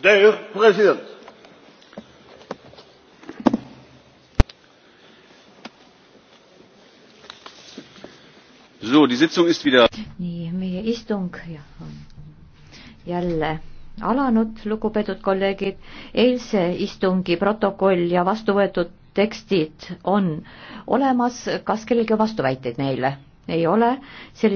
Dear President, so, die Sitzung ist wieder. nii, meie istung on jälle alanud, lugupeetud kolleegid. eilse istungi protokoll ja vastu võetud tekstid on olemas, kas kellelgi vastuväiteid neile? ei ole, sellisel